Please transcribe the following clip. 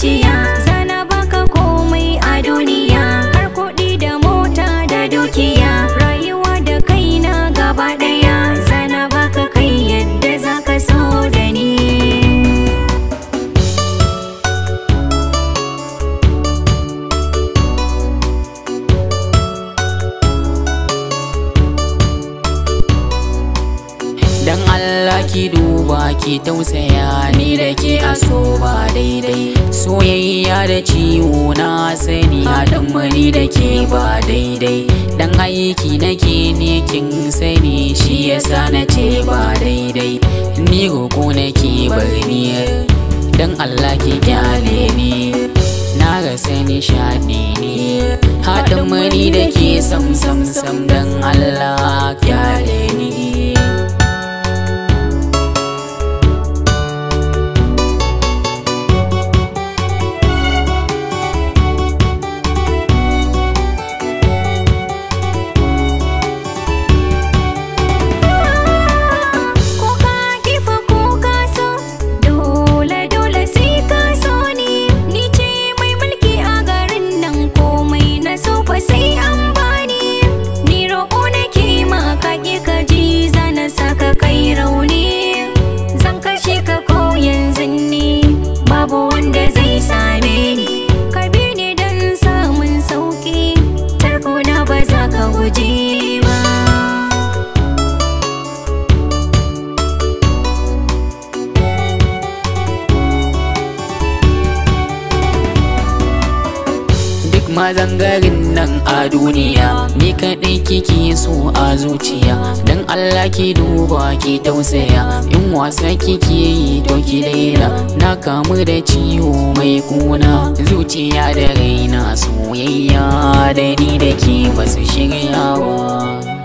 zuciya zana baka komai a duniya har kuɗi da mota da dukiya rayuwa da kaina gaba ɗaya zana baka kai yadda zaka so da ni dan Allah ki duba ki tausaya ni da ki aso ba daidai soyayya da ciwo na sani haɗin mani da ke ba daidai dan aiki nake ne kin sani shi yasa na ce ba daidai ni roko nake barni dan Allah ke kyale ni na rasa nishaɗi ne haɗin mani da ke sam sam sam dan Allah kyale mazan garin nan a duniya ni kaɗai kike so a zuciya don Allah ki duba ki tausaya in wasa kike yi to ki daina na kamu da ciwo mai kuna zuciya da raina soyayya da ni da ke basu shiryawa